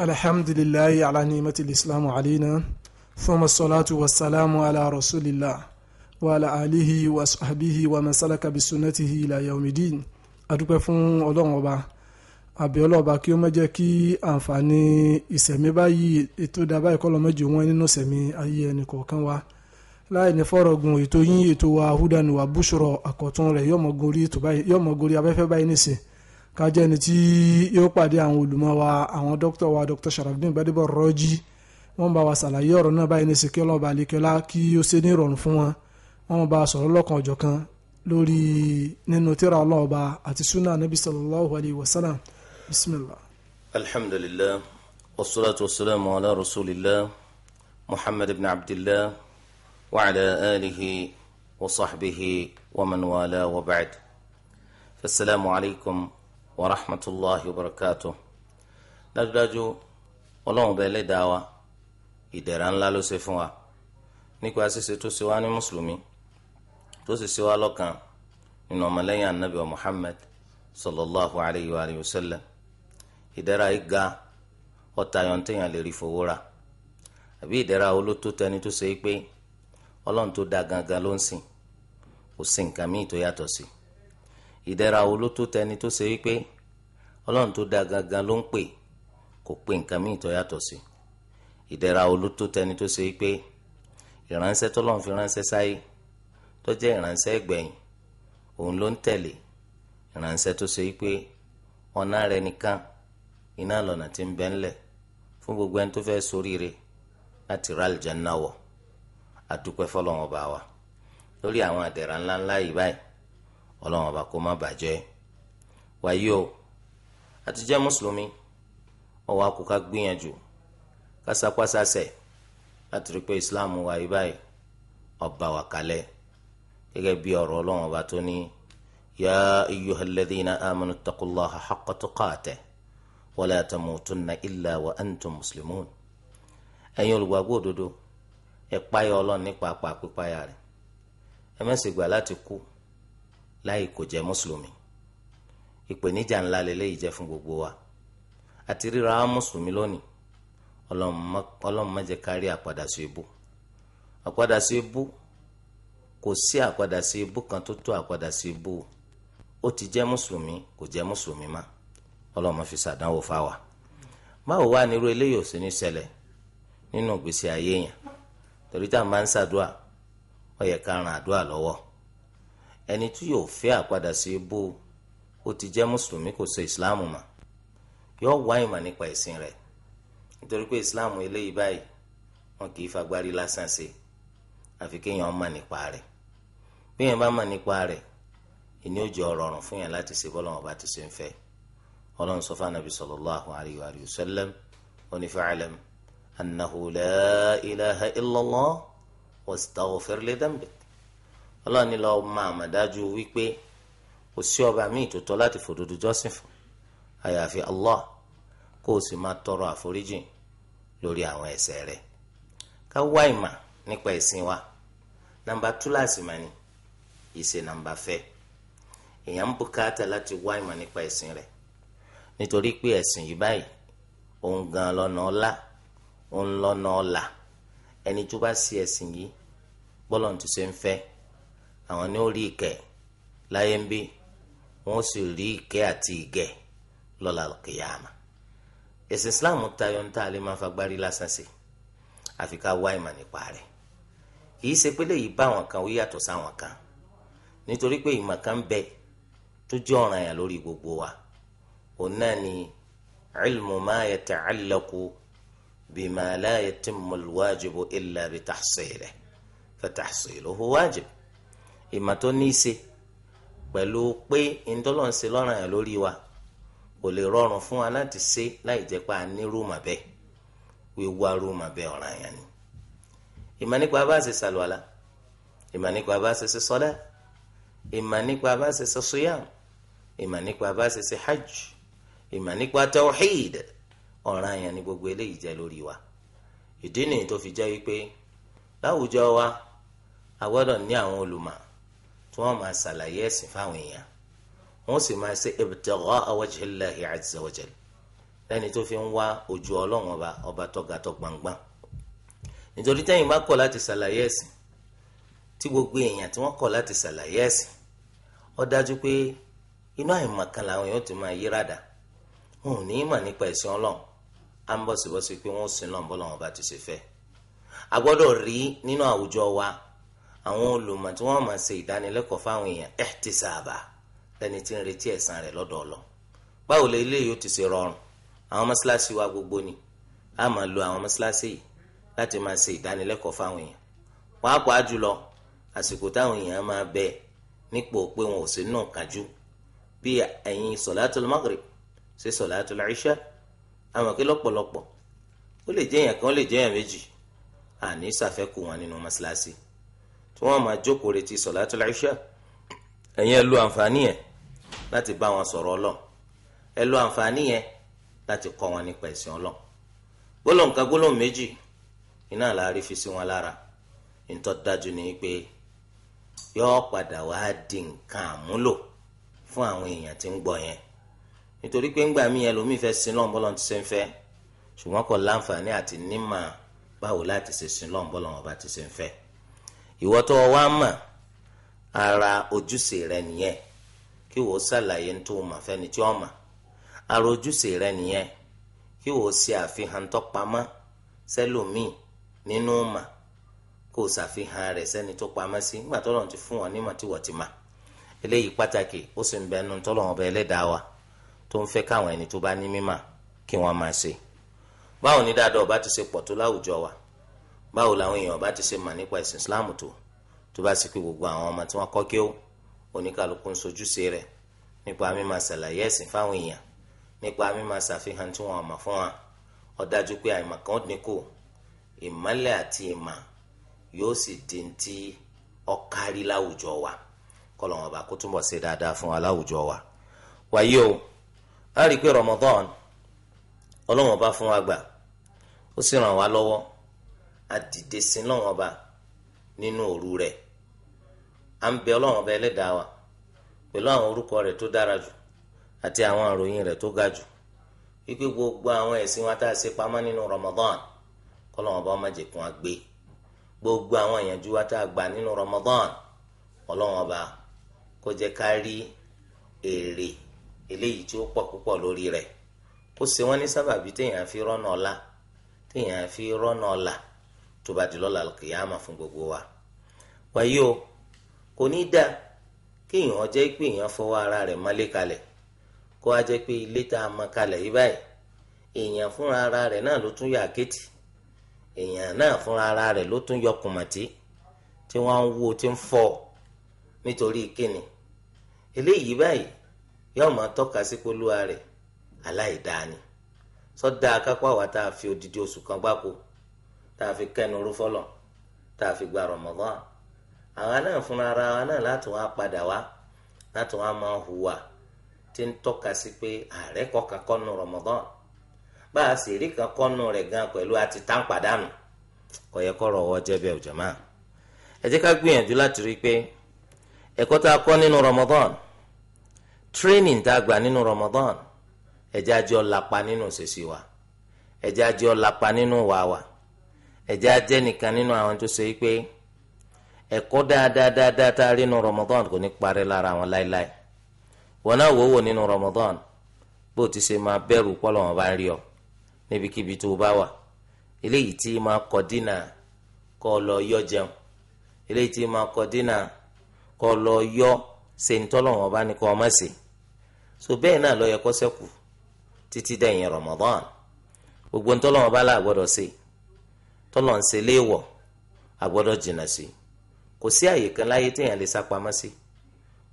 alhamdulillahi ala ni'matil islamu alina thumma salatu wassalamu ala rasulillah wa ala alihi wa sahbihi wa man salaka bi sunnatihi ila yawmidin adúpẹ́ fún ọlọ́run ọba àbẹ̀ ọlọ́ọ̀ba kí ó má jẹ́ kí àǹfààní ìsẹ̀mí báyìí ètò ìdábà ìkọlọ̀ mẹ́jọ wọn nínú ìsẹ̀mí ayé ẹnì kọ̀ọ̀kan wa láì ní fọ́rọ̀gùn ètò yín ètò wa húdàní wa búṣọ̀rọ̀ àkọ́tún rẹ̀ yọ̀mọ̀górí abẹ́fẹ́ báyìí nìsín ká jẹ́ ẹni tí yóò pàdé àwọn olùmọ̀ wa àwọn dókítà wa dr sharafdin gbadebo rọ́jí wọ́n bá wa ṣàlàyé ọ̀rọ̀ náà báyìí ní sèké ọlọ́ọ̀bà àlekẹ́lá kí ó ṣe ní ìrọ̀rùn fún wọn wọ́n bá a sọ̀rọ̀ lọ́kàn ọ̀jọ̀kan lórí nínú tíra ọlọ́ọ̀bà àti sunnah nabi sallallahu alayhi wa sallam bisimilah. alhamdulilah wasalaatu wasalaamu ala rasulillah muhammad ibn abdillah wa ala alihi wa sahbihi wa man wala wa ba'd. fasalaamu alaykum wa rahmatulahi wa barakatuh dájúdájú ọlọ́run bẹ́ẹ̀ lè dá wa ìdẹ̀ra ńlá ló ṣe fún wa nípa ṣíṣe tó ṣe wá ní mùsùlùmí tó sì ṣe wá lọ́kàn nínú ọmọlẹ́yìn anabi wa muhammad sallallahu alayhi wa sallam ìdẹ̀ra yìí ga ọ̀tá yọ̀ǹtẹ̀yàn lè rí fowó àbí ìdẹ̀ra olótó tẹni tó ṣe é pé ọlọ́run tó dá gangan ló ń sìn kò sí nǹkan míì tó yàtọ̀ sí i. ìdẹ̀ra wo ló tó tẹni tó ṣe wípé ọlọ́run tó dá gangan ló ń pè kò pè nǹkan míì tó yàtọ̀ sí ìdẹ̀ra wo ló tó tẹni tó ṣe wípé ìránṣẹ́ tọ́lọ́run fi ránṣẹ́ sáyé tó jẹ́ ìránṣẹ́ ìgbẹ̀yìn òun ló ń tẹ̀lé ìránṣẹ́ tó ṣe wípé ọ̀nà nìkan iná lọ́nà ń ńlẹ̀ fún gbogbo ẹni tó fẹ́ soríire láti ọlọ́run ọba kó má bàjẹ́ wàyí o àti jẹ́ mùsùlùmí ọwọ́ akóká gbìyànjú kásápásásẹ̀ láti rí pé islam wà yí báyìí ọba wà kalẹ̀ gẹ́gẹ́ bí ọ̀rọ̀ ọlọ́run ọba tó ní ya ayyuhal ladhina amanu taqullaha haqqa tuqatih wala tamutunna illa wa antum muslimun ẹ̀yin olùgbàgbọ́ òdodo ẹ páyà ọlọ́run nípa pàpípáyà rẹ̀ ẹ gbà láti kú láì kò jẹ́ mùsùlùmí ìpèníjà ńlá lélẹ́yìí jẹ́ fún gbogbo wa àti ríra mùsùlùmí lónìí ọlọ́run má jẹ́ kárí àpadà sí ibú àpadà sí ibú kò sí àpadà sí ibú kan tó tó àpadà sí ibú ó ti jẹ́ mùsùlùmí kò jẹ́ mùsùlùmí má ọlọ́run má fi ṣàdánwò fáwa báwo wá nírú eléyìí ò sí ní sẹlẹ̀ nínú ìgbésí ayé yẹn torí tá a máa ń ṣàdúà ó yẹ ká ran àdúà lọ́wọ́ ẹni tí yóò fẹ́ àpadà sí ibú ó ti jẹ́ mùsùlùmí kò so ìsìláàmù mà yóò wá ìmọ̀ nípa ẹ̀sìn rẹ̀ nítorí pé ìsìláàmù eléyìí báyìí wọn kì í fagbárí lásán ṣe àfi kéèyàn mọ̀ nípa rẹ̀ bí èèyàn bá mọ̀ nípa rẹ̀ ìní ó jẹ́ ọ̀rọ̀ ọ̀rùn fún yàn láti ṣe bọ́lọ́wọ́n bá ti ṣe ń fẹ́ ọlọ́run sọ fún anabi sallallahu alayhi wa sallam ó ní fa'lam ọlọ́ọ̀ni lọ mọ àmọ̀dájú wípé kò sí ọba míì tó tọ́ láti fòdodo jọ́sìn fún àyàfi Allah kó o sì máa tọrọ àforíjì lórí àwọn ẹ̀ṣẹ̀ rẹ̀ ká wá ìmọ̀ nípa ẹ̀sìn wa nàmbà túláàsì mà ní ìṣe nàmbà fẹ́ èèyàn ń bùkátà láti wá ìmọ̀ nípa ẹ̀sìn rẹ̀ nítorí pé ẹ̀sìn yìí báyìí òun gan lọ́nà ọ̀la òun lọ́nà ọ̀la ẹni tó bá sí ẹ̀sìn yìí bọ́lọ̀ ń tún ń fẹ́ àwọn ni ó rí ìkẹ́ láyé ń bí wọ́n sì rí ìkẹ́ àti ìgẹ̀ lọ́la kìyàmà ẹ̀sìn islam tayọ níta lè máa fagbárí lásán sí àfi ká wá ìmọ̀ nípa rẹ̀ kìí ṣe pé léyìí bá àwọn kan ó yàtọ̀ sáwọn kan nítorí pé ìmọ̀ kan bẹ tó jẹ́ ọ̀ràn yà lórí gbogbo wa òun náà ni ilmu ma yata'allaqu bima la yatimmu alwajibu illa bitahsilihi fatahsiluhu wajib ìmọ̀ tó ní í ṣe pẹ̀lú pé ìdọ́lọ́n lọ́ràn yẹn lórí wa kò lè rọrùn fún wa láti ṣe láì jẹ́ pé ní rúùmù abẹ́ wíwá rúùmù abẹ́ ọ̀ràn yẹn ni. ìmọ̀ nípa bá ṣe ṣàlùwàlà ìmọ̀ nípa bá ṣe ṣe sọ́dá ìmọ̀ nípa bá ṣe ṣe suyam ìmọ̀ nípa bá ṣe ṣe hajj ìmọ̀ nípa tawhid ọ̀ràn yẹn ni gbogbo eléyìí jẹ́ lórí wa. ìdí nìyí tó fi jẹ́ wípé láwùjọ wa a gbọ́dọ̀ ní àwọn olùmọ̀ tí wọ́n máa ṣàlàyé ẹ̀sìn fáwọn èèyàn wọ́n sì máa ṣe ibtigha'a wajhillahi azza wa jalla lẹ́ni tó fi ń wá ojú ọlọ́run ọba ọba tọ́ga tó gbangban nítorí tẹ́yìn bá kọ̀ láti ṣàlàyé ẹ̀sìn tí gbogbo èèyàn tí wọ́n kọ̀ láti ṣàlàyé ẹ̀sìn ó dájú pé inú àìmọ̀kan làwọn èèyàn ti máa yí wọn ò ní í mọ̀ nípa ẹ̀sìn ọlọ́run á ń bọ̀sibọ́sí pé wọ́n sin lọ́nbọ́lọ́run ọba àwọn olùmọ̀ tí wọ́n máa ṣe ìdánilẹ́kọ̀ọ́ fáwọn èèyàn ẹ̀htísàbà lẹ́ni tí ń retí ẹ̀san rẹ̀ lọ́dọ̀ ọlọ báwo lè ilé yóò ti ṣe rọrùn àwọn mọ́ṣáláṣí wa gbogbo ni a máa lo àwọn mọ́ṣáláṣí yìí láti máa ṣe ìdánilẹ́kọ̀ọ́ fáwọn èèyàn pàápàá jùlọ àsìkò táwọn èèyàn máa bẹ nípò pé wọn ò sí náà kájú bí ẹ̀yin sọ̀látùl maghrib ṣe tí wọ́n máa jókòó retí sọ̀látùl ìṣà ẹ̀yin ẹ lo àǹfààní yẹn láti bá wọn sọ̀rọ̀ ọlọ́ ẹ lo àǹfààní yẹn láti kọ́ wọn nípa ẹ̀sìn ọlọ́ gbólóhùn kan gbólóhùn méjì iná àlárí fi sí wọn lára ìtọ́ dájú ni pé yóò padà wá di nǹkan àmúlò fún àwọn èèyàn tí ń gbọ́ yẹn nítorí pé ńgbà míì ẹlòmíì fẹ́ sin lọ́n bọ́lọ́n ti ṣe ń fẹ́ ṣùgbọ́n kò láǹfààní àti nímà báwo láti ṣe sin lọ́n bọ́lọ́n ọba ti ṣe ń fẹ́ ìwọ tó mà ara ojúṣe rẹ nìyẹn kí wò ó ṣàlàyé tó o mà fẹ́ni tí ó mà ara ojúṣe rẹ nìyẹn kí wò ó ṣe àfihàn tó pamọ́ sẹ́lòmíì nínú mà kó o ṣàfihàn rẹ̀ sẹ́ni tó pamọ́ sí nígbà tó lọ́n ti fún wọn nímọ̀ tí eléyìí pàtàkì ó sì ń bẹnu tọ́lọ́wọ́n bẹ ẹlẹ́dàá wa tó ń fẹ́ káwọn ẹni tó bá ní mímà kí wọ́n máa ṣe báwo ni dáadọ́ ọba ti ṣe pọ̀ tó láwùjọ wa báwo làwọn èèyàn bá ti ṣe mà nípa ẹ̀sìn islam tó tó bá sì pé gbogbo àwọn ọmọ tí wọ́n kọ́ kí ó oníkàlùkù ń sojúṣe rẹ̀ nípa mímọ̀ ṣàlàyé ẹ̀sìn fáwọn èèyàn nípa mímọ̀ ṣàfihàn tí wọ́n ọmọ fún wa ọ dájú pé àìmọ̀ kan ó dínkù ìmọ̀lẹ̀ àti ìmọ̀ yóò sì di ti ọ̀kárí láwùjọ wa kọlọ̀wọ̀n ọba kó túnbọ̀ ṣe dáadáa fún wa láwùjọ wa wáyé o a rí i pé Ramadan ọlọ́wọ̀n ọba fún wa gbà ó sì ràn wá lọ́wọ́ àdìde sí lọ́wọ́n ba nínú òru rẹ̀ à ń bẹ ọlọ́wọ́n ọba ẹlẹ́dàá wa pẹ̀lú àwọn orúkọ rẹ̀ tó dára jù àti àwọn àròyìn rẹ̀ tó ga jù wípé gbogbo àwọn ẹ̀sìn wa tá a ṣe pamọ́ nínú Ramadan kọ́lọ́wọ́n ọba má jẹ́ kún wa gbé gbogbo àwọn ìyànjú wa tá a gbà nínú Ramadan ọlọ́wọ́n ọba kó jẹ́ ká rí èrè eléyìí tí ó pọ̀ púpọ̀ lórí rẹ̀ kó ṣe wọ́n ní sábàbí téèyàn fi rọ́nà ọ̀la téèyàn fi rọ́nà ọ̀la tó bá di lọ́la kìyàmà fún gbogbo wa wàyí o kò ní dá kéèyàn jẹ́ pé èèyàn fọwọ́ ara rẹ̀ mọ́lé kalẹ̀ kó a jẹ́ pé ilé tá a mọ kalẹ̀ yìí báyìí èèyàn fúnra ara rẹ̀ náà ló tún yọ àkẹ́tì èèyàn náà fúnra ara rẹ̀ ló tún yọ kùmọ̀tì tí wọ́n ń wó tí ń fọ́ nítorí kíni eléyìí báyìí yóò máa tọ́ka sí polúwa rẹ̀ aláìdáa ni sọ́dá akápá wa tá a fi odidi oṣù kan gbáko. tá a fi kẹ́nu gba Ramadan àwa náà fúnra ara wa náà láti wá padà wá láti wá máa hùwà tí ń tọ́ka sí pé ààrẹ kọ̀ọ̀kan kọ́nu Ramadan bá a sì rí kan kọ́nu rẹ̀ gan pẹ̀lú àti táǹpàdánù kò yẹ kọ́rọ̀ ọwọ́ jẹ́ bẹ́ẹ̀ ẹ jẹ́ ká gbìyànjú láti rí i pé ẹ̀kọ́ tá a kọ́ nínú Ramadan training tá a gbà nínú Ramadan ẹ jẹ́ á jẹ́ ó lapa nínú ìṣesí wa ẹ jẹ́ á nínú ìwà wa ẹ̀jẹ̀ ajẹ́ nìkan nínú àwọn tó ṣe pé ẹ̀kọ́ dáadáa tá a rí nínú Ramadan kò ní parẹ́ lára àwọn láéláé wọn náà wò wò nínú Ramadan bó ti ṣe máa bẹ̀rù pọ́lọ́ wọn bá ń rí ọ níbikíbi tó o bá wà eléyìí tí máa kọ dínà kọ́ lọ yọ jẹun eléyìí tí máa kọ dínà kọ́ lọ yọ ṣe wọn bá ní kọ́ ọmọ ṣe so bẹ́ẹ̀ náà lọ yẹ kọ́ sẹ́kù títí dẹ̀yìn Ramadan gbogbo ń tọ́lọ̀ wọn bá là gbọ́dọ̀ ṣe tọ́lọ̀ ń ṣe léèwọ̀ àgbọ́dọ̀ jìnnà sí kò sí àyè kan láyé téèyàn lè sá pamọ́ sí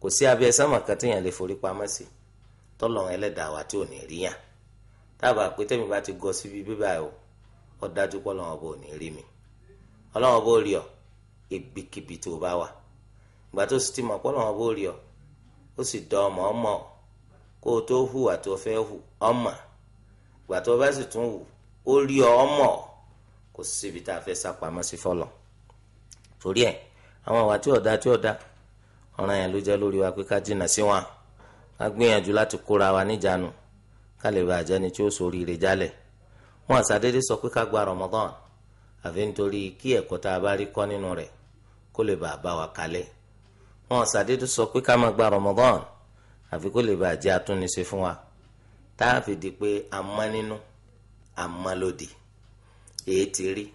kò sí abẹ́ sánmà kan téèyàn lè forí pamọ́ sí tọ́lọ̀ ẹlẹ́dàá wa tí ò ní rí yàn dábàá pé tẹ́mi bá ti gọ síbi bíbá ẹ̀ o ó dájú pé ọlọ́wọ́n bò ní rí mi ọlọ́wọ́n bò rí ọ ibikíbi tó bá wà ìgbà tó sì ti mọ̀ pé ọlọ́wọ́n bò rí ọ ó sì dán ọmọ ọmọ kó o tó hùwà tó fẹ́ hù ọmọ ìgbà tó bá sì tún hù ó rí ọ ọmọ kò síbi tá a fẹ́ sá pamọ́ sí fọlọ́ torí ẹ̀ àwọn àwa tí ọ̀dà tí ọ̀dà ọ̀ràn yẹn ló jẹ́ lórí wa pé ká jìnnà sí wọn ká gbìyànjú láti kóra wa níjànú ká lè bàjẹ́ ni tí ó ṣoríire jálẹ̀ wọn àṣàdédé sọ pé ká gba Ramadan àfi nítorí kí ẹ̀kọ́ tá a bá rí kọ́ nínú rẹ̀ kó lè bàa bá wa kalẹ̀ wọn àṣàdédé sọ pé ká má gba Ramadan àfi kó lè bàjẹ́ atúnisẹ fún wa tá a fi di pé a mọ́ nínú a mọ́ lòdì. èyí ti rí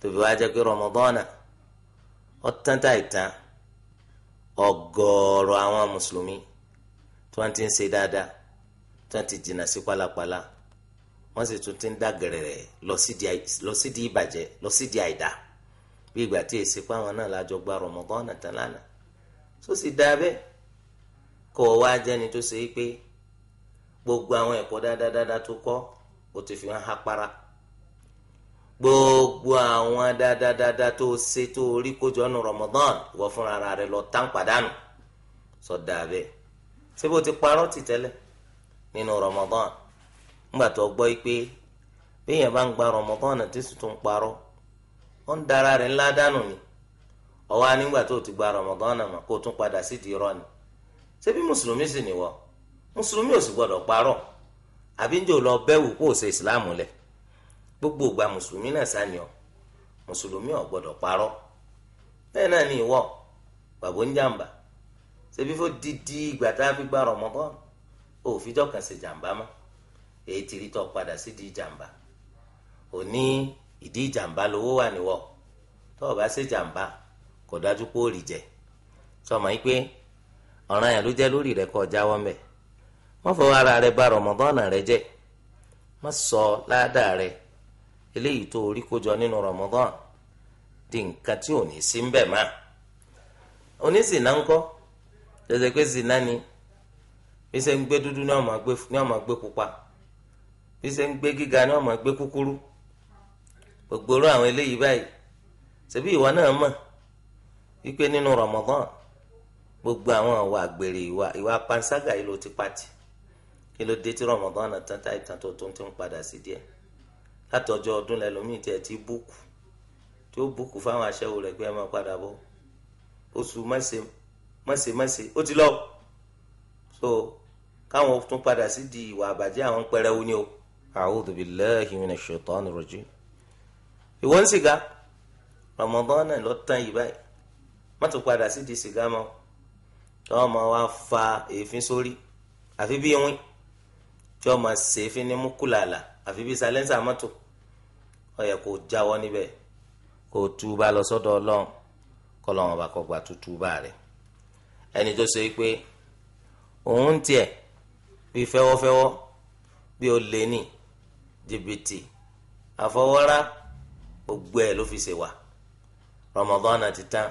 tóbi wá jẹ́ pé rọmọdọ́nà ọ̀tán táìtàn ọ̀gọ̀ọ̀rọ̀ àwọn mùsùlùmí tí wọ́n ti ń ṣe dáadáa tí wọ́n ti jìnnà sí pálapàla wọ́n sì tún ti ń dàgẹ̀rẹ̀ lọ sídìí ìbàjẹ́ lọ sídìí àìdá bí ìgbà tí èsì pa àwọn náà lájọ gba rọmọdọ́nà tán lánàá tó sì dáa bẹ́ẹ̀ kó o wá jẹ́ni tó ṣe é pé gbogbo àwọn ẹ̀kọ́ dáadáa tó kọ́ o ti fi hàn ápárá gbogbo àwọn dáadáa tó ṣe tó rí kójọ nu Ramadan wọ fúnra ara rẹ lọ tán padànù sọdá bẹ́ẹ̀ ṣé bó ti parọ́ tì tẹ́lẹ̀ nínú Ramadan ńgbà tó gbọ́ pé bíyẹn bá ń gba Ramadan àti tuntun parọ́ ó ń dara rẹ̀ ńlá dànù ni ọwọ́ anígbà tó ti gba Ramadan àmọ́ kó tún padà sí di rọ ni ṣé bí mùsùlùmí sì nìwọ mùsùlùmí ò sì gbọdọ̀ parọ́ àbí ń jò lọ bẹ́wù kó o ṣe ìsìláàmù lẹ̀ gbogbo ìgbà mùsùlùmí náà mùsùlùmí ọ gbọdọ parọ náà ni ìwọ bàbá oníjàmbá ṣebí fó dídí ìgbà tá a fi gba Ramadan òfijọ́ kan ṣe jàmbá èyí ti rí padà di jàmbá o bá ṣe jàmbá kò dájú pé ó rí jẹ sọmọ yìí pé ọ̀ràn yẹn ló jẹ́ eléyìí tó orí kójọ nínú Ramadan di nǹkan tí ò ní sí ń bẹ̀ máa oníṣìnà ńkọ́ jẹjẹ pé ṣìnà ni bí ṣe ń gbé dúdú ni wọ́n máa gbé pupa bí ṣe ń gbé gíga ni wọ́n gbé kúkúrú gbogbo orú àwọn eléyìí báyìí ṣebí ìwọ náà mọ̀ wípé nínú Ramadan gbogbo àwọn àwọ àgbèrè ìwà ìwà panṣágà yìí ló ti pàtì kí ló dé tí Ramadan náà tán táyì tán tó tó ń padà sí díẹ̀ láti ọjọ́ ọdún lẹ́lọ́mìn tí ẹ ti búkù tí ó búkù fáwọn aṣẹ́wó rẹ̀ pé ẹ máa padà bọ̀ oṣù mẹ́sẹ̀ mẹ́sẹ̀ mẹ́sẹ̀ ó ti lọ so káwọn tún padà sí di ìwà àbàjẹ́ àwọn pẹrẹwu ni o. a'udhu billahi minash shaitani rajim. ìwọ ń sìgá Ramadan náà lọ tán yìí báyìí má tún padà sí di sìgá mọ́ tí wọ́n máa wá fa èéfín sórí àfi bí wín tí wọ́n máa ṣèéfín ní múkúlàlà àfi bí salẹ́ńsà mọ́tò ó yẹ kó jáwọ́ níbẹ̀ kó túbà lọ sọ́dọ̀ ọlọ́run kọ́lọ́run bá kọ́ gbà tó túbà rẹ̀ ẹni tó ṣe pé òun tiẹ̀ bí fẹ́wọ́fẹ́wọ́ bí ó lé ní jìbìtì àfọwọ́rá gbogbo ẹ̀ ló fi ṣe wà rọmọdọ́nà ti tán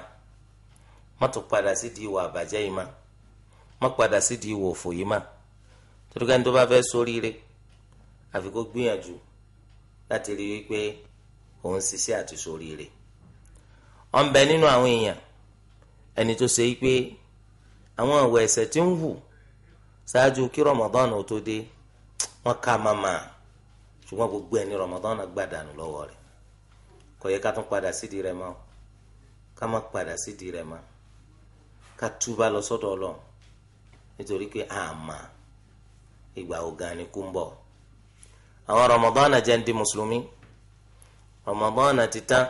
má padà sí di ìwà àbàjẹ́ yìí má má padà sí di ìwà òfò yìí má torí ká tó bá fẹ́ sóríire àfi kó gbìyànjú láti rí wípé òun ṣiṣẹ́ àti ṣoríire ọ̀n bẹ nínú àwọn èèyàn ẹni tó ṣe wípé àwọn ìwà ẹ̀ṣẹ̀ tí ń hù ṣáájú kí Ramadan ó tó dé wọ́n ká mama ṣùgbọ́n gbogbo ẹni Ramadan gbàdánù lọ́wọ́ rẹ̀ kò yẹ ká tún padà sídìí rẹ̀ mọ́ ká má padà sídìí rẹ̀ mọ́ ká túbà lọ sọ́dọ̀ Ọlọ́run nítorí pé àmà ìgbà ògan ni kú ń bọ̀ àwọn rọmọbọ́nà jẹ́ ń di mùsùlùmí rọmọbọ́nà ti tán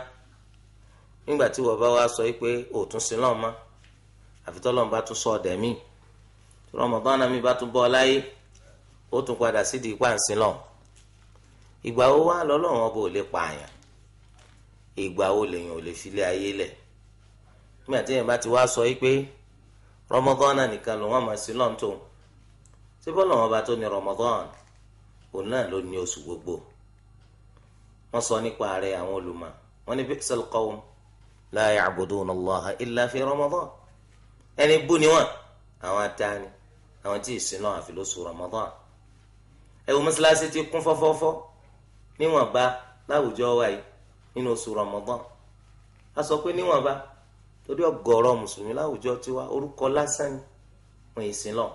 nígbà tí wọ́n bá wá sọ pé òtún sí lọ́n mọ́ àfitọ́ lọ́n bá tún sọ ọ̀dẹ̀ míì rọmọbọ́nà mi bá tún bọ́ ọ láyé ó tún padà sídìí pàǹsí lọ́n ìgbà wo wá lọ́lọ́run ọba ò lè pààyàn ìgbà wo lèèyàn ò lè filé ayé lẹ̀ nígbà tí èèyàn bá ti wá sọ pé Ramadan nìkan lòun àmọ́ sí lọ́n tó ṣé bọ́lá wọn bá tó ní Ramadan òun náà ló ní oṣù gbogbo wọ́n sọ nípa rẹ̀ àwọn olùmọ̀ wọ́n ní bi'sal qawm la ya'buduna Allaha illa fi Ramadan ẹni bú ni wọ́n àwọn atani àwọn tí ìsinú àfi lóṣù Ramadan ẹ wo mọ́sálásí ti kún fọ́fọ́fọ́ níwọ̀nba láwùjọ wa yìí nínú oṣù Ramadan a sọ pé níwọ̀nba torí ọ̀gọ̀rọ̀ mùsùlùmí láwùjọ tiwa orúkọ lásán ni wọ́n ìsìn wò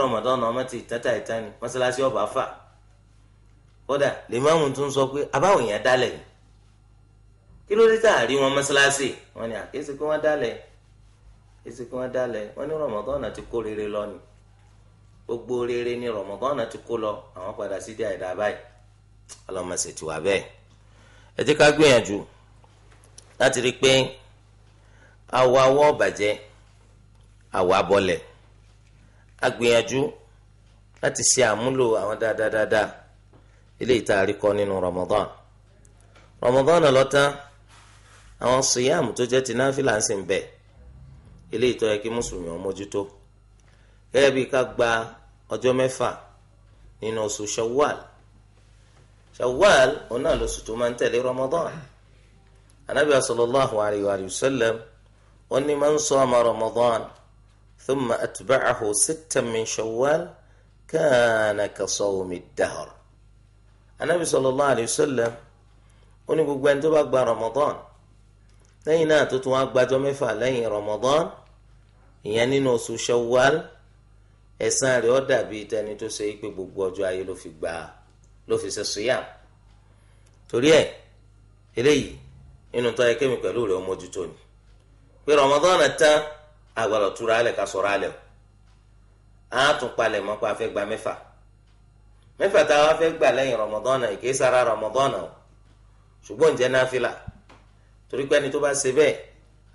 rọmọdọ́nà ọmọ ti tẹ́tà ìta ni mọ́sálásí ọba fà kódà lèmọ́mù tún sọ pé abáwọn èèyàn dálẹ̀ yìí kí ló dé tá a rí wọn mọ́sálásí wọn ni àkéésí kí wọ́n dálẹ̀ kéésí kí wọ́n dálẹ̀ wọn ní rọmọdọ́nà ti kó rere lọ ni gbogbo rere ni rọmọdọ́nà ti kó lọ àwọn padà sí di àìdá báyìí ọlọ́mọ ti wà bẹ́ẹ̀ ẹ jẹ́ ká gbìyànjú láti rí i pé awọ awọ bàjẹ́ awọ abọ́lẹ̀ agbìyànjú láti ṣe àmúlò àwọn dáadáa dáadáa eléyìí tá a rí kọ́ nínú Ramadan Ramadan ló tán àwọn siyam tó jẹ́ ti náfìlà ń sìn bẹ́ẹ̀ eléyìí tó yẹ kí mùsùlùmí ó mójútó gẹ́gẹ́ bí ká gba ọjọ́ mẹ́fà nínú oṣù Shawwal Shawwal òun náà lóṣù tó máa ń tẹ̀lé Ramadan Ànábì sallallahu alayhi wa sallam ó ní man sama Ramadan. ثم أتبعه ستا من شوال كان كصوم الدهر النبي صلى الله عليه وسلم أني ní gbogbo رمضان tó bá بعد Ramadan lẹ́yìn رمضان يعني نص شوال gbàjọ́ mẹ́fà lẹ́yìn Ramadan ìyẹn nínú oṣù Shawwal ẹ̀san rẹ̀ ó dàbí tẹni tó ṣe pé gbogbo ọjọ́ ayé ló fi gbà ló fi ṣe sùyàm torí ẹ̀ eléyìí nínú tó yẹ kémi pẹ̀lú rẹ̀ ó mójútó ni pé Ramadan tán agbọ́dọ̀ túra alẹ̀ ká sọ̀rọ̀ alẹ̀ o á tún palẹ̀ mọ́ pé a fẹ́ gba mẹ́fà mẹ́fà tá a wá fẹ́ gbà lẹ́yìn rọmọdọ́nà ìké sára rọmọdọ́nà o ṣùgbọ́n ǹjẹ́ náfìlà torí pé ẹni tó bá ṣe bẹ́ẹ̀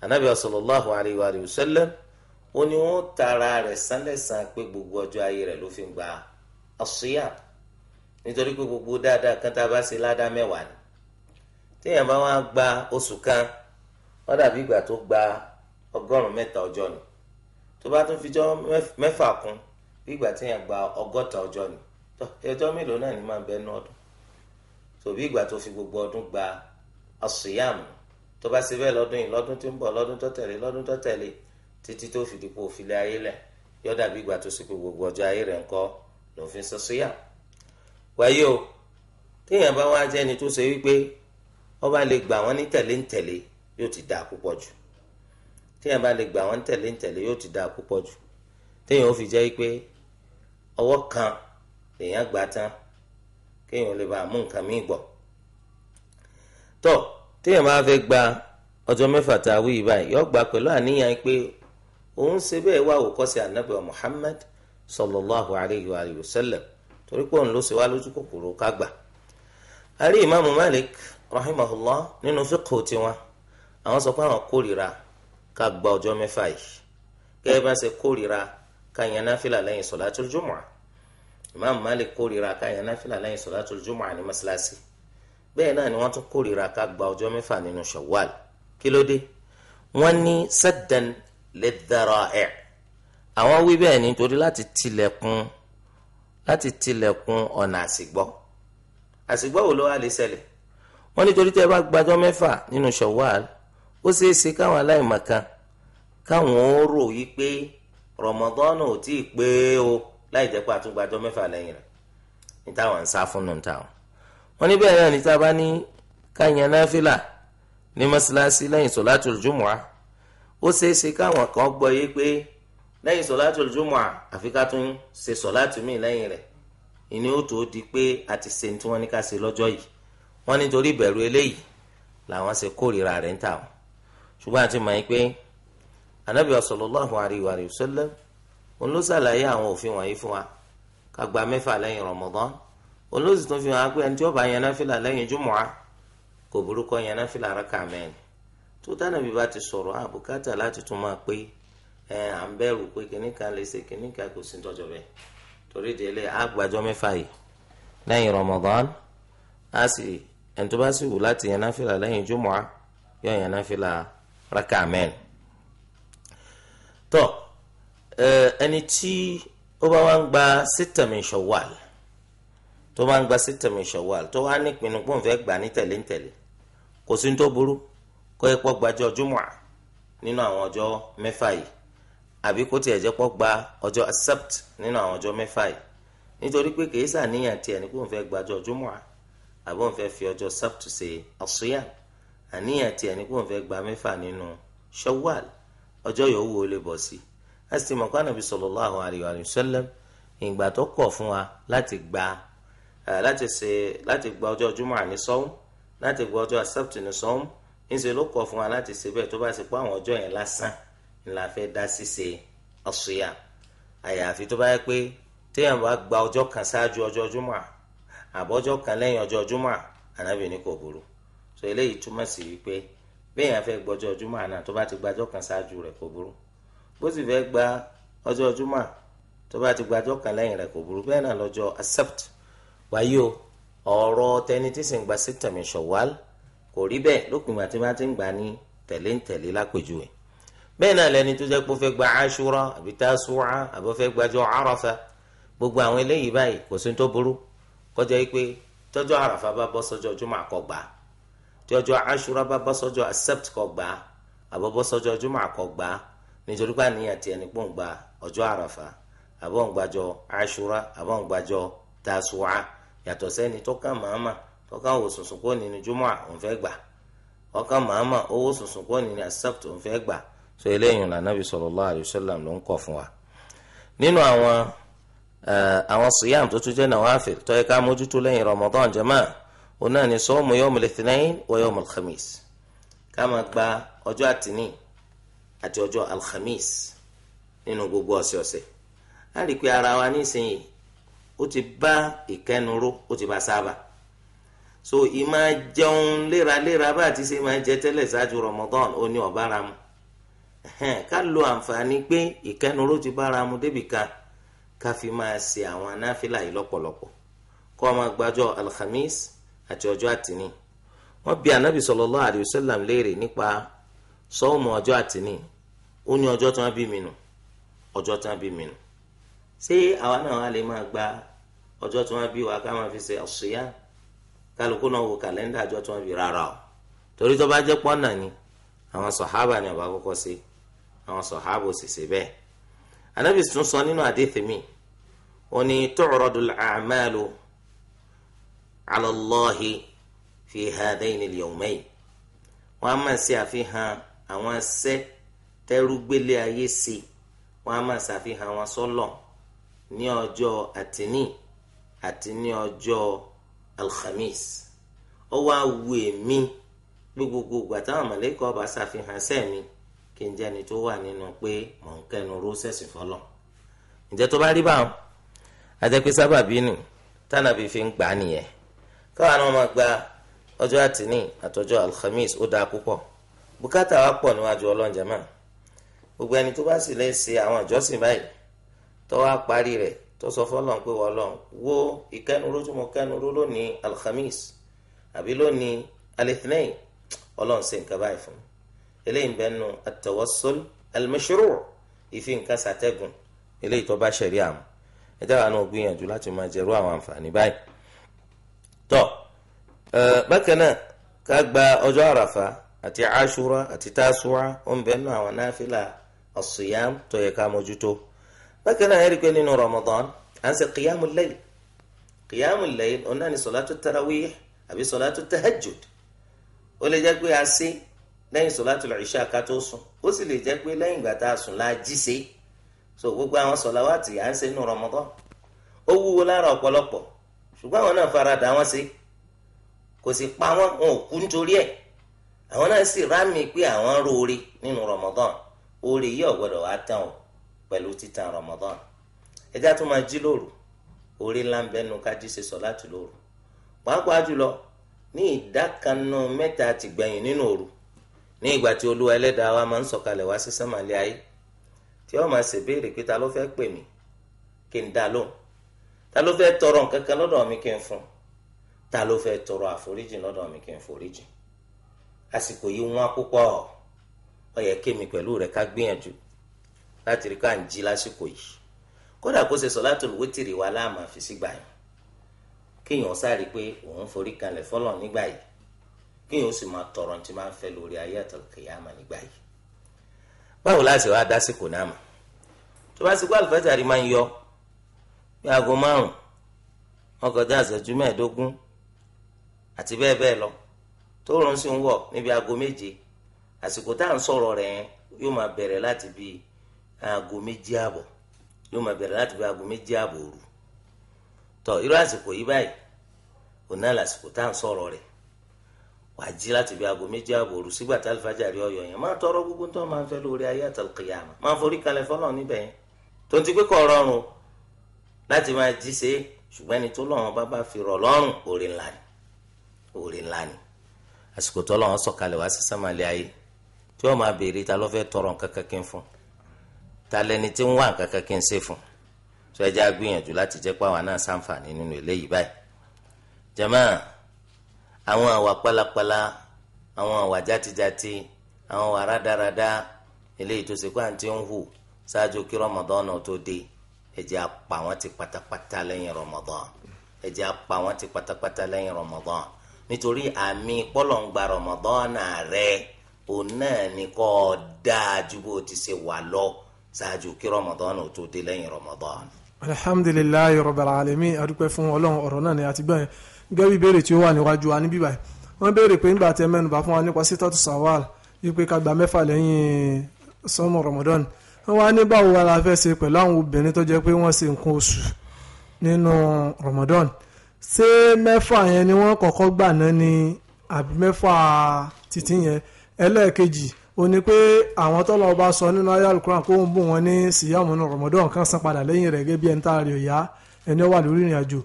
anabi sallallahu alayhi wa sallam ó ní wọ́n tara rẹ̀ sánlẹ̀sán pé gbogbo ọjọ́ ayé rẹ̀ ló fi ń gba àṣìyà nítorí pé gbogbo dáadáa kan tá a bá ṣe ládàá mẹ́wàá ni téèyàn bá wá gba oṣù kan wọ́n dàbí ìgbà tó gba ọgọ́rùn-ún mẹ́ta ọjọ́ ni tó bá tún fi mẹ́fà kún tí gba ọgọ́ta ọjọ́ ni tó ẹjọ́ mélòó náà ni máa bẹ ní ọdún tó fi gbogbo ọdún gba asùyàmù tó bá ṣe bẹ́ẹ̀ lọ́dún yìí lọ́dún tó ń bọ̀ lọ́dún tó tẹ̀lé lọ́dún tó tẹ̀lé títí tó fi dìpọ̀ òfìlẹ̀ ayé lẹ̀ yọ̀dà gbogbo ọjọ́ ayé rẹ̀ ńkọ́ ló fi téèyàn bá lè gbà wọ́n tẹ̀lé ń tẹ̀lé yóò ti dáa púpọ̀ jù téèyàn ó fi jẹ́ pé ọwọ́ kan lèèyàn gbà tán kéèyàn lè bá mú nǹkan míì gbọ́ tọ́ téèyàn bá fẹ́ gba ọjọ́ mẹ́fà tá a wí báyìí yóò gbà pẹ̀lú àníyàn pé òun ṣe bẹ́ẹ̀ wá òkọ́sẹ̀ ànábì wa Muhammad sallallahu alayhi wa sallam torí pé òun ló ṣe wá lójú kòkòrò ká a rí ìmáàmù Malik rahimahullah nínú fíkò tiwọn àwọn sọ pé àwọn kórìíra ká gba ọjọ́ mẹ́fà yìí gẹ́gẹ́ bá ṣe kórìíra ká yan náfìlà lẹ́yìn sọ̀látùl jumu'a Imam Malik kórìíra ká yan náfìlà lẹ́yìn sọ̀látùl jumu'a ní mọ́ṣáláṣí bẹ́ẹ̀ náà ni wọ́n tún kórìíra ká gba ọjọ́ mẹ́fà nínú Shawwal kí ló dé wọ́n ní saddan lidhara'i' àwọn wí bẹ́ẹ̀ nítorí láti tilẹ̀kùn láti tilẹ̀kùn ọ̀nà àsìgbọ́ àsìgbọ́ wo ló wá lè ṣẹlẹ̀ wọ́n nítorí tẹ́ bá gbàjọ́ mẹ́fà nínú Shawwal ó ṣeé ṣe káwọn aláìmọ̀kan káwọn ó rò yí pé rọmọdọ́nù ò tíì pé o láì jẹ́ pé àtúgbàjọ́ mẹ́fà lẹ́yìn rẹ̀ ní táwọn ń sá fún nù táwọn. wọ́n ní bẹ́ẹ̀ náà ní tá a bá ní káyàn náfìlà ní mọ́ṣáláṣí lẹ́yìn sọ̀látùl jumu'a ó ṣeé ṣe káwọn kan gbọ́ yé pé lẹ́yìn sọ̀látùl jumu'a àfi ká tún ṣe sọ̀látù míì lẹ́yìn rẹ̀ ìní ó tó di pé a ti ṣe ní tí wọ́n ní ká ṣe lọ́jọ́ yìí wọ́n nítorí ìbẹ̀rù eléyìí làwọn ṣe kórìíra rẹ̀ ń táwọn ṣùgbọ́n àti mọ̀ pé anabi sallallahu alayhi wa sallam òun ló ṣàlàyé àwọn òfin wọ̀nyí fún wa ká gba mẹ́fà lẹ́yìn Ramadan òun ló sì tún fi hàn pé ẹni tí ó bá yan náfìlà lẹ́yìn jùmọ̀á kò burúkọ yan náfìlà rákà mẹ́rin tó tànàbí bá ti sọ̀rọ̀ àbùkátà láti tún máa pé ẹ à ń bẹ̀rù pé kìnnìkan lè ṣe kìnnìkan kò sí tọ́jọ́ bẹ́ẹ̀ torí délé àgbàjọ mẹ́fà yìí lẹ́yìn Ramadan a sì ẹni tó bá sì wù láti yan náfìlà lẹ́yìn jùmọ̀á yóò yan náfìlà rákà mẹ́rin tọ́ ẹni tí ó bá wá ń gba sítẹ̀mì ṣọ̀wàl tó bá ń gba sítẹ̀mì ṣọ̀wàl tó wá nípinnu pọ̀ ń fẹ́ gbà ní tẹ̀lé ń tẹ̀lé kò sí ní tó burú kó ẹ pọ́ gbàjọ́ júmọ̀ nínú àwọn ọjọ́ mẹ́fà yìí àbí kó tiẹ̀ jẹ́ pọ́ gba ọjọ́ accept nínú àwọn ọjọ́ mẹ́fà yìí nítorí pé kìí sàníyàn tiẹ̀ ní kó ń gbàjọ́ júmọ̀ àbí òun fẹ́ fi ọjọ́ accept ṣe àṣeyàn àníyàn tiẹ̀ ní kò ń fẹ́ gba mẹ́fà nínú Shawwal ọjọ́ yòówù ó lè bọ̀ sí a sì mọ̀ kánàbí sallallahu alayhi wa sallam ìgbà tó kọ̀ fún wa láti gba láti ṣe láti gba ọjọ́ júmọ̀ ní sọ́hún láti gba ọjọ́ accept ní sọ́hún níṣẹ́ ló kọ̀ fún wa láti ṣe bẹ́ẹ̀ tó bá ṣe pé àwọn ọjọ́ yẹn lásán ni la fẹ́ dá ṣíṣe ọ̀ṣùyà àyàfi tó bá yẹ pé téèyàn bá gba ọjọ́ kan ṣáájú ọjọ́ júmọ̀ àbọ̀jọ́ kan lẹ́yìn ọjọ́ júmọ̀ ànábì so eléyìí túmọ̀ sí wípé béèyàn fẹ́ gbọ́jọ́ ọjúmọ́ àná tó bá ti gbàjọ́ kan ṣáájú rẹ̀ kò burú bó sì fẹ́ gba ọjọ́ ọjúmọ́ tó bá ti gbàjọ́ kan lẹ́yìn rẹ̀ kò burú bẹ́ẹ̀ náà lọ́jọ́ accept wáyé o ọ̀rọ̀ tẹni tí sì ń gba sítẹ̀mì ṣọ̀wál kò rí bẹ́ẹ̀ lópin àti bá ti ń gbà ní tẹ̀lé ń tẹ̀lé lápèjúwe bẹ́ẹ̀ náà lẹni tó jẹ́ pé ó fẹ́ gba aṣúra àbí tásúra àbí ó fẹ́ gbàjọ́ àràfà gbogbo àwọn eléyìí báyìí kò sí tó burú kọjá yìí pé tọ́jọ́ àràfà bá bọ́ sọ́jọ́ ọjọ́ máa kọ gbàá tí ọjọ́ aṣura bá bọ́ sọ́jọ́ accept kó gbà àbọ̀ bọ́ sọ́jọ́ jùmọ̀ kó gbà nítorí pé àníyàn tiẹ̀ ní pòun gba ọjọ́ àràfà àbọ̀ ń gbàjọ aṣura àbọ̀ ń gbàjọ tasuwa yàtọ̀ sẹ́ni tọ́ka màmá tọ́ka owó sùnsùn kó nínú jùmọ̀ òun fẹ́ gbà ọkà màmá owó sùnsùn kó nínú accept òun fẹ́ gbà so eléyìí la nabi sallallahu alayhi ló ń kọ́ fún wa nínú àwọn eh, àwọn siyam tó tún jẹ́ nawafil tó yẹ ká mójútó lẹ́yìn Ramadan jama'a òun náà ni sọ́ọ̀mù yọ̀ọ́mùl ithnain wa yọ̀ọ́mùl khamis ká máa gba ọjọ́ àtìní àti ọjọ́ alhamis nínú gbogbo ọ̀sẹ̀ ọ̀sẹ̀ á rí i pé ara wa nísìnyí ó ti bá ìkẹnuró ó ti bá sábà so ìmá jẹun léraléra bá ti ṣe máa jẹ tẹ́lẹ̀ ṣáájú Ramadan ó ní ọ̀bára mu ká lo àǹfààní ti bára mu kan ká fi máa ṣe àwọn anáfíà yìí lọ́pọ̀lọpọ̀ kó alhamis àti ọjọ́ àtìní wọ́n bi anabi sallallahu alayhi wa sallam léèrè nípa sọ́ọ̀mù ọjọ́ àtìní ó ní ọjọ́ tí wọ́n bí mi nù ọjọ́ tí wọ́n bí mi nù ṣé àwa náà wà lè máa gba ọjọ́ tí wọ́n bí wa ká máa fi ṣe àṣìyá kálukú náà wo kàlẹ́ndà ọjọ́ tí wọ́n bí rárá o torí tó bá jẹ́ pọ́nà ni àwọn sọ̀hábà ni ọba kọ́kọ́ ṣe àwọn sọ̀hábà ò sì ṣe bẹ́ẹ̀ anabi tún sọ nínú àdéhìí mi ò ní tu'radu al على الله في هذين اليومين yawmayn wọ́n á máa ṣe àfihàn àwọn ẹsẹ́ tẹ́rúgbélé ayé ṣe wọ́n á máa ṣàfihàn wọn sọ́lọ̀ ní ọjọ́ àtìní àti ní ọjọ́ alhamis ó wá wu èmi pé gbogbo ìgbà táwọn mọ̀lẹ́kọ̀ bá ṣàfihàn sẹ́mi kí n jẹ́ni tó wà nínú pé mò ń kẹ́nu rósẹ̀sì fọlọ̀ ǹjẹ́ tó bá rí báwọn àjẹpẹ́ sábàbí nù tánàbí fi ń gbà nìyẹn káwọn náà máa gba ọjọ́ àtìní àtọjọ́ alhamis ó dáa púpọ̀ bùkátà wa pọ̀ níwájú ọlọ́njẹ́ máa gbogbo ẹni tó bá sì lè ṣe àwọn ìjọsìn báyìí tó wá parí rẹ̀ tó sọ fọlọ́n pé wọ́n lọ́n wo ìkẹnuró tí mo kẹnuró lónìí alhamis àbí lónìí alithinayi ọlọ́run ṣe nǹkan báyìí fún eléyìí ń bẹ nu atawassul ìfi nǹkan ṣàtẹ́gùn eléyìí tó bá ṣẹ̀rí àmọ́ ẹ dábàá náà gbìyànjú láti máa jẹ́rú àwọn àǹfààní báyìí bákan náà ká gba ọjọ́ àràfà àti aṣura àti tasuwa ó ń bẹ nínú àwọn náfìlà as-siyam tó yẹ ká mójútó bákan náà ẹ̀rí pé nínú Ramadan à ń ṣe qiyamul layl qiyamul layl òun náà ni sọ̀látù tarawih àbí sọ̀látù tahajjud ó lè jẹ́ pé a ṣe lẹ́yìn sọ̀látù ìṣá ká tó sùn ó sì lè jẹ́ pé lẹ́yìn ìgbà tá a sùn la jí ṣe so gbogbo àwọn sọ̀láwàtì à ń ṣe nínú Ramadan ó wúwo lára ọ̀pọ̀lọpọ̀ ṣùgbọ́n àwọn náà faradà wọn ṣe kò sì pa wọn wọn ò kú nítorí ẹ̀ àwọn náà sì rámi pé àwọn roore nínú Ramadan oore yìí ọ̀gbọ́dọ̀ wá tán o pẹ̀lú títan Ramadan ẹjá tó máa jí lóru oore ńlá ń bẹnu kájí ṣe sọ láti lóru pàápàá jùlọ ní ìdákanu mẹ́ta ti gbẹ̀yìn nínú òru ní ìgbà tí olúwa ẹlẹ́dàá wa máa ń sọ̀kalẹ̀ wá sí sánmàlẹ́ ayé tí ó máa ṣèbéèrè pé ta ló fẹ́ pè mí kí n dá lóhùn ta ló fẹ́ tọrọ nǹkan kan lọ́dọ̀ mi kí n fún un ta ló fẹ́ tọrọ àforíjì lọ́dọ̀ mi kí n foríjì àsìkò yìí wọ́n púpọ̀ ó yẹ kémi pẹ̀lú rẹ̀ ká gbìyànjú láti rí ká ń jí lásìkò yìí kódà kó ṣe sọ̀látùl wítìrì wa láàmà fi sígbà yìí kéèyàn sáré pé òun forí kanlẹ̀ fọ́lọ̀ nígbà yìí kéèyàn sì máa tọrọ tí máa ń fẹ́ lórí ayé àtàkìyàmà nígbà yìí báwo láti wá dásìkò náà mọ̀ tó bá ti kó àlùfáàtì àrí máa ń yọ bí aago márùn-ún ọkọ̀ dá àṣẹjú mẹ́ẹ̀ẹ́dógún àti bẹ́ẹ̀ bẹ́ẹ̀ lọ tóòrùn sì ń wọ̀ níbi aago méje àsìkò tá à ń sọ̀rọ̀ rẹ̀ yóò máa bẹ̀rẹ̀ láti bí aago méje àbọ̀ yóò máa bẹ̀rẹ̀ láti bí aago méje àbọ̀ òru tó irú àsìkò yìí báyìí òun náà làsìkò tá à ń sọ̀rọ̀ rẹ̀ wàá jí láti bí aago méje àbọ̀ òru sígbà tá àlùfáàjà rí ọyọ yẹn máa tọrọ gbogbo tó máa ń fẹ́ lórí ayé àtàlùkìyàmà máa forí kalẹ̀ fọlọ́ níbẹ̀ yẹn tó ti pé kọ̀ rọrùn láti máa jí ṣe ṣùgbọ́n ẹni tó lọ́wọ́n bá bá fi rọ̀ lọ́rùn òrìńlá ni oore ńlá ni àsìkò tó lọ́wọ́ sọ̀kalẹ̀ wá sí sàmàlẹ́ ayé tí wọ́n máa béèrè ta tọrọ nǹkan kankan fún ta lẹni tí ń wá nǹkan kankan ṣe fún tó láti jẹ́ náà sàǹfààní nínú eléyìí báyìí jama àwọn àwà pálapàla àwọn àwà àwọn àwà rádaràda eléyìí tó ṣe ń hù ṣáájú kí rọmọdán tó dé ẹ jẹ́ apá wọn ti pátápátá lẹ́yìn rọmọdán nítorí àmì pọ́lọ̀ǹgbà rọ̀mọ̀dọ́nà rẹ̀ òun náà ni kọ́ ọ dáa ju bó ti ṣe wà lọ ṣáájú kí rọ̀mọ̀dọ́nà ò tó dé lẹ́yìn rọ̀mọ̀dọ́nà. alhamdulilayi rabbil alamin adúpẹ́ fun ọlọ́run ọ̀rọ̀ náà ni ati gbọ́n gẹ́gẹ́ bí ìbéèrè tí ó wà níwájú wa níbí báyìí wọ́n béèrè pé nígbà tẹ́ mẹ́nu bá fún wa nípa sítọ́tù sawal wípé ká gba mẹ́fà lẹ́yìn sọ́mọ rọ̀mọ̀dọ́n wá ní báwo wa la ṣe pẹ̀lú àwọn obìnrin tó jẹ́ pé wọ́n ṣe nǹkan oṣù nínú rọ̀mọ̀dọ́n ṣé mẹ́fà yẹn ni wọ́n kọ́kọ́ gbà náà ni àbí mẹ́fà títí yẹn ẹlẹ́ẹ̀kejì ó ní pé àwọn tọ́lọ́ ọba sọ nínú ayé alukuran kó ń bù wọn ní síyàmù náà rọmọdún kan san padà lẹ́yìn rẹ̀ gẹ́gẹ́ bí ẹni tá a rí ọ̀yá ẹni ó wà lórí ìrìn àjò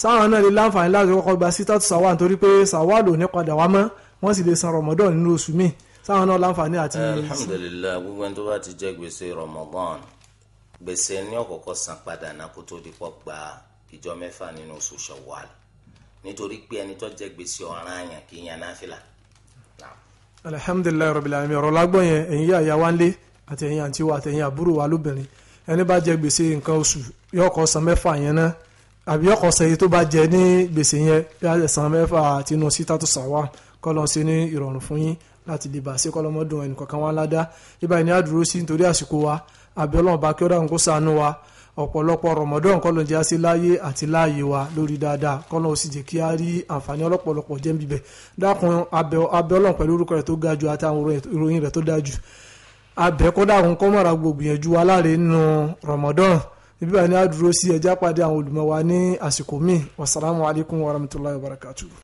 sáwọn náà lè láǹfààní láti kọ́kọ́ gba sítátù sàwà nítorí pé sàwà lò ní padà wá mọ́ wọ́n sì lè san rọmọdún nínú oṣù míì sáwọn náà láǹfààní àti. Eh, alhamdulilayi gbogbo ẹni tó bá ti jẹ gbèsè rọmọdún gbèsè ní ọkọ̀ọ̀kọ̀ san padà náà kó tó di pọ̀ gbàá ìjọ mẹ́fà nínú oṣù Shawwal nítorí pé ẹni tó jẹ gbèsè ọ̀ranyàn kì í yan náfìlà. alihamudulilayi rabil alamin ọ̀rọ̀ lágbọ́n yẹn ẹ̀yin yà yà wálé àti ẹ̀yin àǹtí wa àti ẹ̀yin àbúrò wa lóbìnrin ẹni bá jẹ gbèsè nǹkan oṣù yóò kọ́ san mẹ́fà yẹn náà àbí yóò kọ́ san èyí tó bá jẹ ní gbèsè yẹn yóò san mẹ́fà àti inú síta tó sàn wá kọ́ ní ìrọ̀rùn fún yín láti lè bá sí kọ́lọ́mọdún ẹnì kọ̀ọ̀kan wá ládá ibà ìní àdúró sí nítorí àsìkò wa àbí ọlọ́run bá kí ó dáhùn kó ṣàánú wa ọ̀pọ̀lọpọ̀ rọ̀mọ́dọ́n kọ́ ló ń jẹ́ àṣẹ láyé àti láàyè wa lórí dáadáa kọ́ ló ń sì jẹ́ kí a rí àǹfààní ọlọ́pọ̀lọpọ̀ jẹ́ bíbẹ̀ dákun abẹ ọlọ́run pẹ̀lú orúkọ rẹ̀ tó ga jù àtàwọn ìròyìn rẹ̀ tó dáa jù abẹ kó dákun kọ́ mọ̀ra gbògbìyànjú aláre nínú rọ̀mọ́dọ́n ibi bá ní àdúró sí ẹjá pàdé àwọn olùmọ̀ wa ní àsìkò míì wabarakatuh.